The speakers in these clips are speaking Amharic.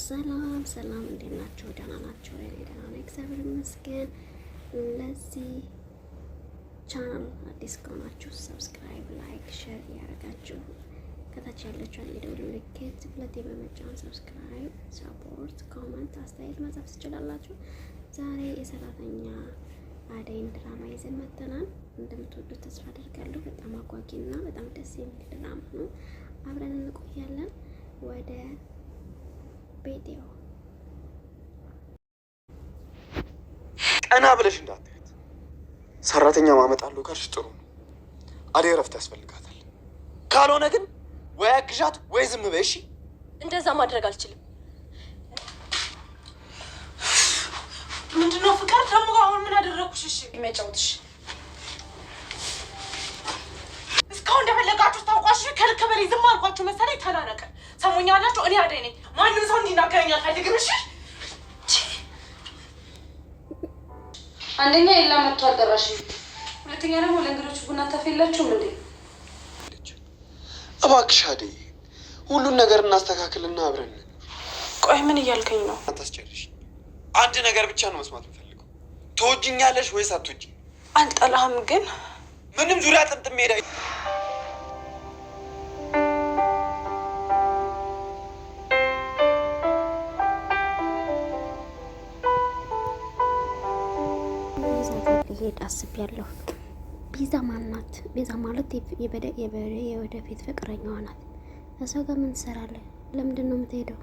ሰላም ሰላም፣ እንዴት ናችሁ? ደህና ናችሁ? እኔ ደህና ነኝ፣ እግዚአብሔር ይመስገን። ለዚህ ቻናል አዲስ ከሆናችሁ ሰብስክራይብ፣ ላይክ፣ ሼር እያደረጋችሁ ከታች ያለችው የደወል ምልክት ሁለቴ በመጫን ሰብስክራይብ፣ ሰፖርት፣ ኮመንት፣ አስተያየት መጻፍ ትችላላችሁ። ዛሬ የሰራተኛ አደይን ድራማ ይዘን መጥተናል። እንደምትወዱት ተስፋ አደርጋለሁ። በጣም አጓጊና በጣም ደስ የሚል ድራማ ነው። አብረን እንቆያለን ወደ ቤቴው ቀና ብለሽ እንዳትሄድ። ሰራተኛ ማመጣለሁ ካልሽ ጥሩ ነው። አደይ እረፍት ያስፈልጋታል። ካልሆነ ግን ወይ አግዣት ወይ ዝም በይ። እሺ፣ እንደዛ ማድረግ አልችልም። ምንድነው ፍቅር ደግሞ አሁን ምን አደረኩሽ? እሺ፣ የሚያጫውትሽ እስካሁን እንደፈለጋችሁ ታውቋሽ። ከልክ በላይ ዝም አልኳችሁ መሰለኝ። ተናነቀ ሰሞኛ አላችሁ። እኔ አደይ ነኝ ማንም ሰው እንዲናገረኝ አልፈልግም። እሺ አንደኛ የላ መጥቶ አደራሽ፣ ሁለተኛ ደግሞ ለእንግዶች ቡና ታፈላችሁ። ምንድ እባክሽ አዴ፣ ሁሉን ነገር እናስተካክልና አብረን። ቆይ ምን እያልከኝ ነው? አታስጨርሽ። አንድ ነገር ብቻ ነው መስማት የምፈልገው። ትወጂኛለሽ ወይስ አትወጂኝ? አልጠላህም ግን ምንም ዙሪያ ጥምጥም ሄዳ ለመሄድ አስቤያለሁ። ቤዛ ማናት? ቤዛ ማለት የወደፊት ፍቅረኛዋ ናት። እሷ ጋር ምን ትሰራለህ? ለምንድን ነው የምትሄደው?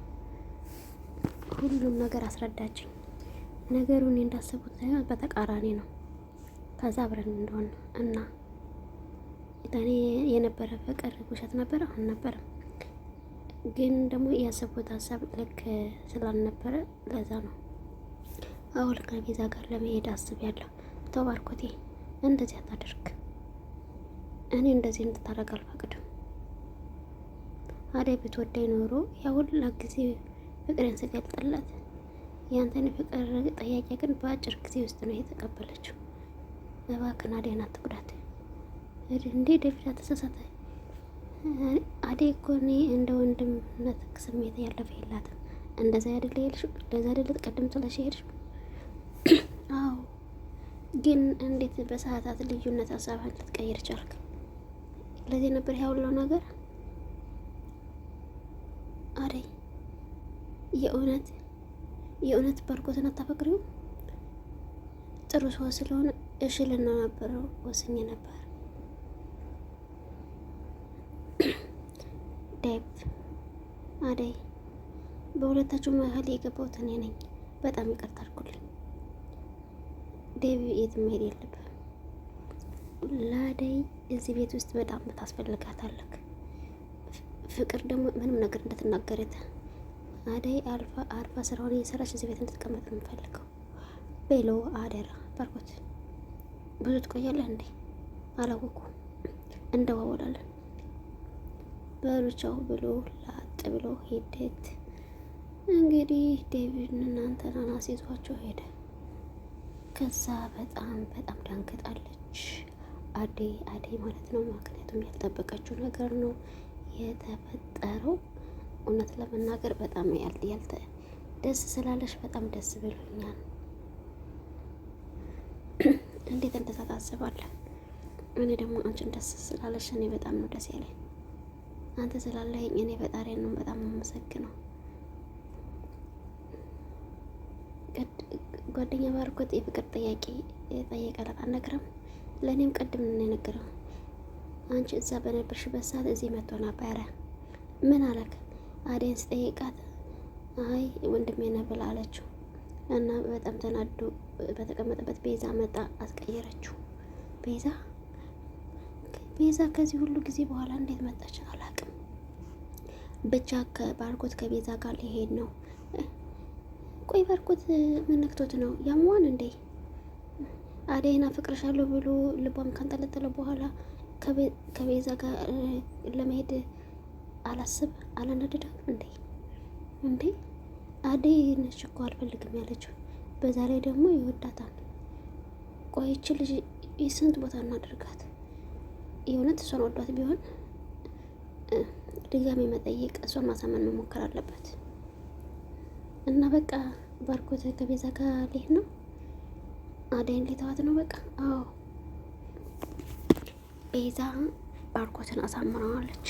ሁሉም ነገር አስረዳችኝ። ነገሩን እንዳሰቡት ሳይሆን በተቃራኒ ነው። ከዛ አብረን እንደሆነ እና እኔ የነበረ ፍቅር ውሸት ነበር፣ አሁን ነበርም ግን ደግሞ ያሰብኩት ሀሳብ ልክ ስላልነበረ ለዛ ነው አሁን ከቤዛ ጋር ለመሄድ አስቤያለሁ። ተው ባርኮቴ፣ እንደዚህ አታደርግ። እኔ እንደዚህ እንድታደርግ አልፈቅድም። አደይ ብትወደኝ ኖሮ ያ ሁላ ጊዜ ፍቅሬን ስገልጥላት፣ ያንተን ፍቅር ጥያቄ ግን በአጭር ጊዜ ውስጥ ነው የተቀበለችው። እባክን አደይን አትጉዳት። እንዴ ደፊዳ ተሳሳተ። አደይ እኮ እኔ እንደ ወንድምነት ስሜት ያለፈ የላትም። እንደዛ ያደለ ሄድሽ? እንደዛ አይደለ ቀደም ስለሽ ሄድሽ? አዎ ግን እንዴት በሰዓታት ልዩነት ሀሳብህን ልትቀይር ቻልክ? ለዚህ ነበር ያውለው ነገር አደይ የእውነት የእውነት ባርኮትን አታፈቅሪው? ጥሩ ሰው ስለሆነ እሺ ልና ነበረው ወስኜ ነበር። ዴቭ አደይ፣ በሁለታችሁ መሀል የገባሁት እኔ ነኝ። በጣም ይቅርታ አድርጉልኝ። ዴቪ የትም መሄድ የለብህም። ለአደይ እዚህ ቤት ውስጥ በጣም ታስፈልጋታለህ። ፍቅር ደግሞ ምንም ነገር እንደተናገረት አደይ አልፋ አርፋ ስራውን እየሰራች እዚህ ቤት እንድትቀመጥ ነው የምፈልገው። ቤሎ አደራ ባርኮት ብዙ ትቆያለህ እንዴ? አላወኩ እንደዋወላለን። በሩጫው ብሎ ላጥ ብሎ ሂደት እንግዲህ ዴቪድ እናንተ ናና ሴቷቸው ሄደ። ከዛ በጣም በጣም ዳንግጣለች አደይ አደይ ማለት ነው። ምክንያቱም ያልጠበቀችው ነገር ነው የተፈጠረው። እውነት ለመናገር በጣም ያልተ ደስ ስላለሽ በጣም ደስ ብሎኛል። እንዴት እንደዛ ታስባለህ? እኔ ደግሞ አንቺን ደስ ስላለሽ እኔ በጣም ነው ደስ ያለኝ። አንተ ስላለኝ እኔ ፈጣሪ ነው በጣም አመሰግነው። ጓደኛ ባርኮት የፍቅር ጥያቄ ጠየቃላት። አልነግረም ለእኔም ቅድም ነው የነገረው። አንቺ እዛ በነበርሽበት ሰዓት እዚህ መጥቶ ነበረ። ምን አለክ? አደይን ስጠይቃት አይ ወንድሜ ነው ብላ አለችው እና በጣም ተናዶ በተቀመጠበት ቤዛ መጣ አስቀየረችው። ቤዛ ቤዛ ከዚህ ሁሉ ጊዜ በኋላ እንዴት መጣች አላቅም? ብቻ ከባርኮት ከቤዛ ጋር ሊሄድ ነው ቆይ ባርኮት መነክቶት ነው ያሟን እንዴ? አደይን አፈቅርሻለሁ ብሎ ልቧም ካንጠለጠለ በኋላ ከቤዛ ጋር ለመሄድ አላስብ አላናደዳም እንዴ? እንዴ አደይ ነች እኮ አልፈልግም ያለችው። በዛ ላይ ደግሞ ይወዳታል። ቆይች ልጅ የስንት ቦታ እናደርጋት? የእውነት እሷን ወዷት ቢሆን ድጋሚ መጠየቅ እሷን ማሳመን መሞከር አለበት። እና በቃ ባርኮት ከቤዛ ጋር ሊሄድ ነው። አደይን ሊተዋት ነው። በቃ አዎ፣ ቤዛ ባርኮትን አሳምረዋለች።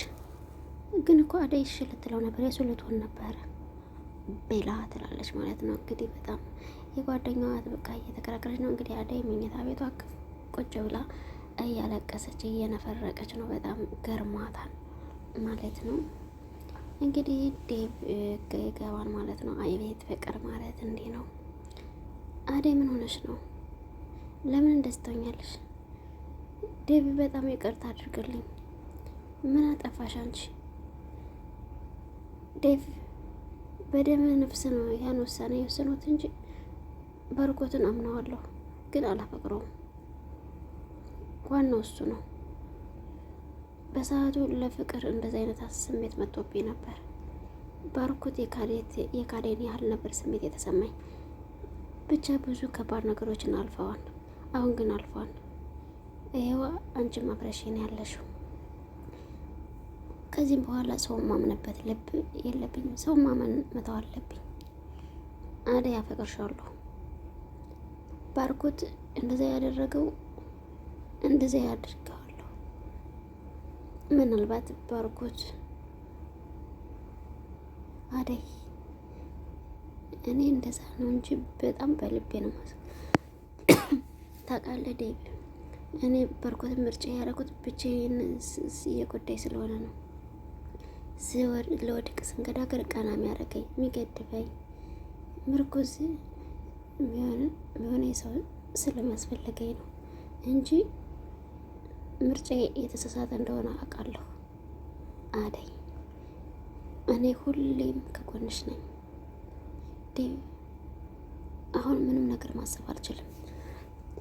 ግን እኮ አደይ እሺ ልትለው ነበር፣ የሱ ልትሆን ነበረ ቤላ ትላለች ማለት ነው። እንግዲህ በጣም የጓደኛዋ በቃ እየተከራከረች ነው። እንግዲህ አደይ መኝታ ቤቷ ቁጭ ብላ እያለቀሰች እየነፈረቀች ነው። በጣም ገርሟታል ማለት ነው። እንግዲህ ዴብ ይገባል ማለት ነው። አይቤት ፍቅር ማለት እንዲህ ነው። አደይ ምን ሆነሽ ነው? ለምን እንደዚህ ትሆኛለሽ? ዴብ በጣም ይቅርታ አድርግልኝ። ምን አጠፋሽ አንቺ? ዴብ በደመ ነፍስ ነው ያን ውሳኔ የወሰኑት እንጂ ባርኮትን አምነዋለሁ፣ ግን አላፈቅረውም። ዋናው እሱ ነው። በሰዓቱ ለፍቅር እንደዚህ አይነት ስሜት መጥቶብኝ ነበር። ባርኮት የካዴን ያህል ነበር ስሜት የተሰማኝ። ብቻ ብዙ ከባድ ነገሮችን አልፈዋል። አሁን ግን አልፈዋል። ይሄዋ አንቺም አብረሽን ያለሽው ከዚህም በኋላ ሰው ማምነበት ልብ የለብኝም። ሰው ማመን መተው አለብኝ። አደይ አፈቅርሻለሁ። ባርኮት እንደዚያ ያደረገው እንደዚያ ያድርግ ምናልባት ባርኮት አደይ እኔ እንደዛ ነው እንጂ በጣም በልቤ ነው ማለት ታውቃለህ ዴቭ እኔ ባርኮት ምርጫ ያደረኩት ብቻዬን እየጎዳኝ ስለሆነ ነው። ለወድቅ ስንገዳገር ቀና የሚያደርገኝ የሚገድበኝ ምርኩዝ የሆነ የሰው ስለሚያስፈልገኝ ነው እንጂ ምርጫ የተሳሳተ እንደሆነ አውቃለሁ አደይ፣ እኔ ሁሌም ከጎንሽ ነኝ። ዴቭ፣ አሁን ምንም ነገር ማሰብ አልችልም።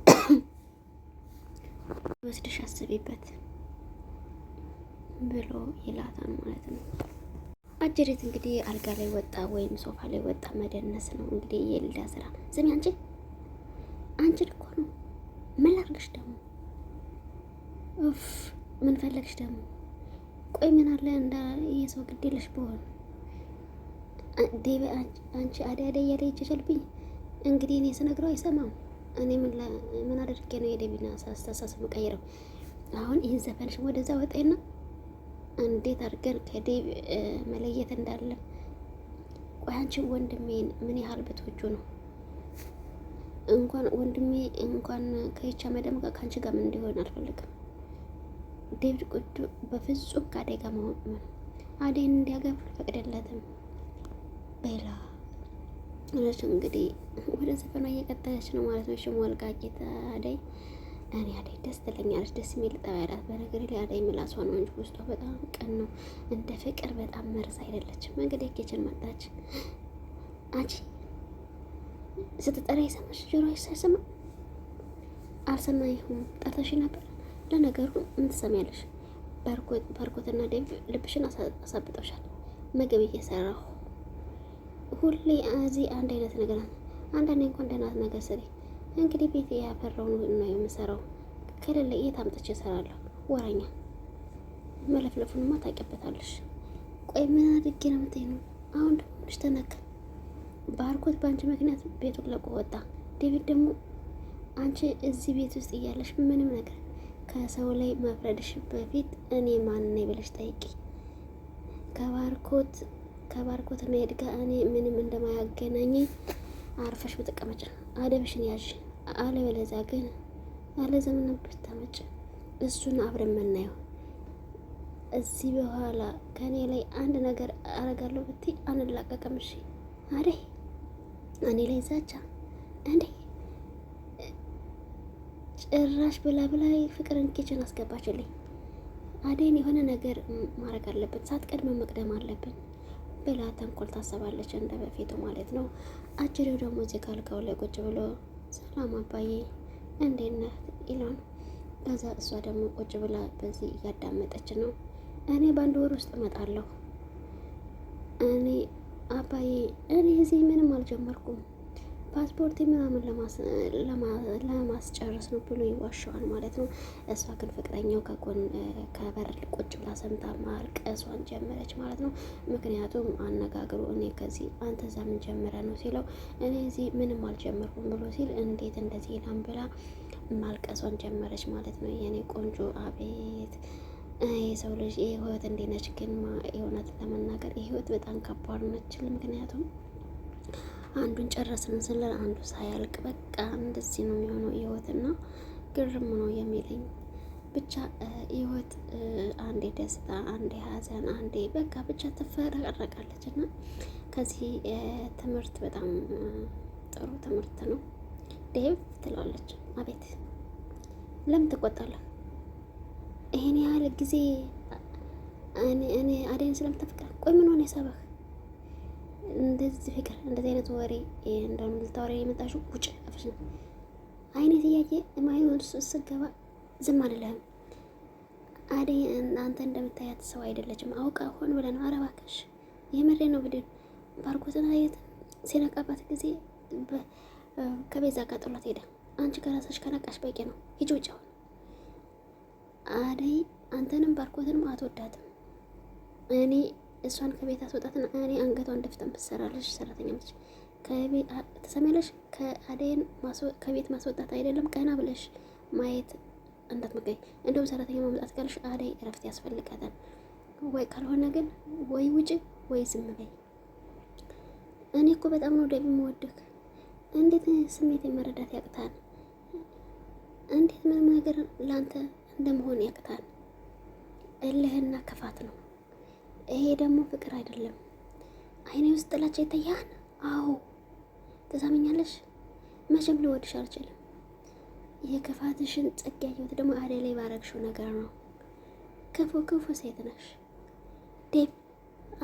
ወስድሽ አስቢበት ብሎ ይላታል ማለት ነው። አጀሬት እንግዲህ አልጋ ላይ ወጣ ወይም ሶፋ ላይ ወጣ መደነስ ነው እንግዲህ የልዳ ስራ። ስሚ አንቺ አንቺን እኮ ነው ምን ላድርግሽ ደግሞ ኡፍ ምን ፈለግሽ ደግሞ? ቆይ ምን አለ እንደ የሰው ግዴለሽ በሆነ ዴቤ አንቺ አደይ አደይ እያለ ይጨልብኝ። እንግዲህ እኔ ስነግረው አይሰማም። እኔ ምን አድርጌ ነው የዴቢና አስተሳሰብ ቀይረው? አሁን ይህን ዘፈንሽ ወደዛ ወጣይና እንዴት አድርገን ከዴብ መለየት እንዳለ ቆይ አንቺ ወንድሜን ምን ያህል ብትወጁ ነው? እንኳን ወንድሜ እንኳን ከይቻ መደምቃ ከአንቺ ጋር ምን እንዲሆን አልፈልግም። ዴቪድ ቁጡ በፍጹም ከአደጋ መሆን ነው አዴን እንዲያገባ አልፈቅደለትም ቤላ እነሱ እንግዲህ ወደ ዘፈኗ እየቀጠለች ነው ማለት ነው። ሽሟል አልጋጌት አደይ እኔ አደይ ደስ ትለኛለች። ደስ የሚል ጠባይ አላት። በነገር ላይ አደይ ምላሷ ነው እንጂ ውስጧ በጣም ቀን ነው። እንደ ፍቅር በጣም መርዝ አይደለችም። እንግዲህ ኬችን መጣች። አንቺ ስትጠራ የሰማሽ ጆሮ ሳይሰማ አልሰማ አልሰማይሁም። ጠርተሽ ነበር ለነገሩ ምን ትሰሚያለሽ? ባርኮትና ልብሽን አሳብጠሻል። ምግብ እየሰራሁ ሁሌ እዚህ አንድ አይነት ነገር አንዳንዴ እንኳን ደህና ነገር ስሪ። እንግዲህ ቤት ያፈራውን ነው የምሰራው። ከሌለ የት አምጥቼ እሰራለሁ? ወራኛ መለፍለፉንማ ታውቂበታለሽ። ቆይ ምን አድርጌ ነው የምትይ ነው? አሁን ደሞች ተነካ። ባርኮት በአንቺ ምክንያት ቤቱን ለቆ ወጣ። ዴቪድ ደግሞ አንቺ እዚህ ቤት ውስጥ እያለሽ ምንም ነገር ከሰው ላይ መፍረድሽ በፊት እኔ ማን ነኝ ብለሽ ጠይቂ። ከባርኮት ከባርኮት መሄድ ጋር እኔ ምንም እንደማያገናኝ አርፈሽ ብትቀመጭ አደብሽን ያዥ። አለበለዚያ ግን አለዘመናበት ታመጭ። እሱን አብረን የምናየው እዚህ በኋላ ከኔ ላይ አንድ ነገር አረጋለሁ ብትይ አንላቀቅም። እሺ እኔ ላይ ዛቻ እንዴ ጭራሽ ብላ ብላ ፍቅርን ኪችን አስገባችልኝ። አደይን የሆነ ነገር ማድረግ አለብን፣ ቀድመ መቅደም አለብን ብላ ተንኮል ታሰባለች፣ እንደ በፊቱ ማለት ነው። አጅሬው ደግሞ እዚህ ካልጋው ላይ ቁጭ ብሎ ሰላም አባዬ እንዴት ነህ ከዛ እሷ ደግሞ ቁጭ ብላ በዚህ እያዳመጠች ነው። እኔ በአንድ ወር ውስጥ እመጣለሁ። እኔ አባዬ እኔ እዚህ ምንም አልጀመርኩም ፓስፖርት ምናምን ለማስጨረስ ነው ብሎ ይዋሸዋል ማለት ነው። እሷ ግን ፍቅረኛው ከጎን ከበር ቁጭ ብላ ሰምታ ማልቀሷን ጀመረች ማለት ነው። ምክንያቱም አነጋግሩ እኔ ከዚህ አንተ እዛ ምን ጀምረ ነው ሲለው እኔ እዚህ ምንም አልጀምርኩም ብሎ ሲል እንዴት እንደዚህ ላም ብላ ማልቀሷን ጀመረች ማለት ነው። የኔ ቆንጆ አቤት የሰው ልጅ ህይወት እንዴት ነች ግን? የእውነት ለመናገር ህይወት በጣም ከባድ ነችል ምክንያቱም አንዱን ጨረስን ስለን አንዱ ሳያልቅ በቃ እንደዚህ ነው የሚሆነው ህይወትና ግርም ነው የሚለኝ። ብቻ ህይወት አንዴ ደስታ፣ አንዴ ሀዘን አንዴ በቃ ብቻ ትፈረቀረቃለች እና ከዚህ ትምህርት በጣም ጥሩ ትምህርት ነው። ዴቭ ትላለች፣ አቤት ለምን ትቆጣለህ? ይሄን ያህል ጊዜ እኔ አደይን ስለምታፈቅር ቆይ ምን ሆነ የሰበህ? እንደዚህ ፍቅር፣ እንደዚህ አይነት ወሬ እንደውም ልታወሪ የመጣሽው ውጭ አፍሽ ነው። አይኔ ጥያቄ የማይሆን እሱ ስገባ ዝም አልልህም። አደይ አንተ እንደምታያት ሰው አይደለችም። አውቃ ሆን ብለህ ነው። ኧረ እባክሽ የምሬ ነው። ብድን ባርኮትን አየት ሲነቃባት ጊዜ ከቤዛ ጋር ጥሏት ሄደ። አንቺ ከራሳሽ ከነቃሽ በቂ ነው። ሂጂ ውጭ። አሁን አደይ አንተንም ባርኮትንም አትወዳትም እኔ እሷን ከቤት አስወጣትና እኔ አንገቷን ደፍተን ብትሰራለች ሰራተኛች ትሰሚያለሽ። ከአደይን ከቤት ማስወጣት አይደለም ቀና ብለሽ ማየት እንዳትመቀኝ። እንደውም ሰራተኛ ማምጣት ካለሽ አደይ እረፍት ያስፈልጋታል። ወይ ካልሆነ ግን ወይ ውጭ ወይ ዝም በይ። እኔ እኮ በጣም ነው ደግሞ የምወድክ። እንዴት ስሜት መረዳት ያቅታል? እንዴት ምንም ነገር ለአንተ እንደመሆን ያቅታል? እልህና ክፋት ነው። ይሄ ደግሞ ፍቅር አይደለም። አይኔ ውስጥ ጥላቻ ይታያል። አዎ ትሰሚኛለሽ፣ መቼም ልወድሽ አልችልም። የክፋትሽን ጽግ ያየሁት ደግሞ አደይ ላይ ባረግሽው ነገር ነው። ክፉ ክፉ ሴት ነሽ ዴብ።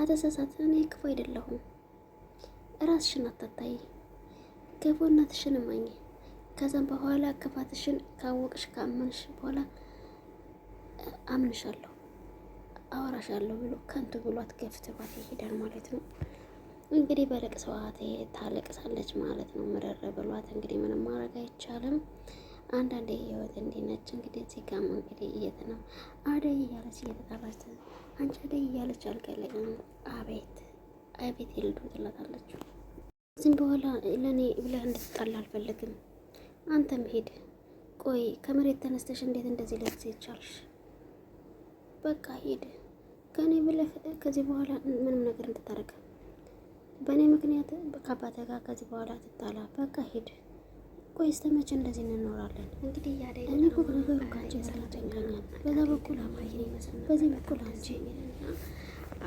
አተሳሳት። እኔ ክፉ አይደለሁም። ራስሽን አታታይ፣ ክፉነትሽን እመኝ። ከዛም በኋላ ክፋትሽን ካወቅሽ ካመንሽ በኋላ አምንሻለሁ። አወራሻለሁ ብሎ ከንቱ ብሏት ገፍትሯት ይሄዳል ማለት ነው። እንግዲህ በለቅሶ ሰዓት ታለቅሳለች ማለት ነው። ምረረ ብሏት እንግዲህ ምንም ማድረግ አይቻልም። አንዳንዴ ህይወት እንዲህ ነች። እንግዲህ እዚህ ጋም እንግዲህ እየት ነው አደይ እያለች እየተጣራች አንቺ አደይ እያለች አልገለኝ አቤት አቤት የልዱ ትላታለች። ዝም በኋላ ለእኔ ብለህ እንድትጣላ አልፈልግም። አንተም ሄድ ቆይ ከመሬት ተነስተሽ እንዴት እንደዚህ ለቅሴ ይቻልሽ? በቃ ሄድ ከኔ ብለህ ከዚህ በኋላ ምንም ነገር እንድታደርግ በእኔ ምክንያት ከአባቴ ጋር ከዚህ በኋላ ትጣላ፣ በቃ ሂድ። ቆይ እስከ መቼ እንደዚህ እንኖራለን? እንግዲህ ያደይ እኔ እኮ ነገሩ ካንቺ ያሰራጨኛል። በዛ በኩል አባዬ፣ በዚህ በኩል አንቺ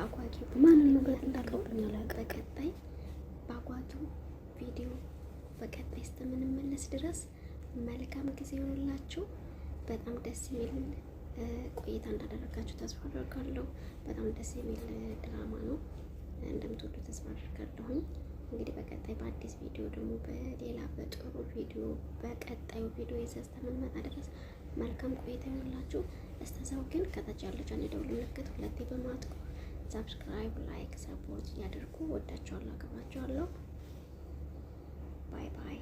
አጓጊ ማንን ነገር እንዳለብኝ አላውቅም። በቀጣይ በአጓጊው ቪዲዮ በቀጣይ እስከምንመለስ ድረስ መልካም ጊዜ ይሆንላችሁ። በጣም ደስ የሚል ቆይታ እንዳደረጋችሁ ተስፋ አደርጋለሁ። በጣም ደስ የሚል ድራማ ነው፣ እንደምትወዱ ተስፋ አደርጋለሁኝ። እንግዲህ በቀጣይ በአዲስ ቪዲዮ ደግሞ በሌላ በጥሩ ቪዲዮ በቀጣዩ ቪዲዮ ይዘን እስከምንመጣ ድረስ መልካም ቆይታ ይሆንላችሁ። እስተዛው ግን ከታች ያለች አንድ ደውል ምልክት ሁለቴ በማጥቆር ሰብስክራይብ፣ ላይክ፣ ሰፖርት እያደርጉ ወዳችኋለሁ፣ አከብራችኋለሁ። ባይ ባይ።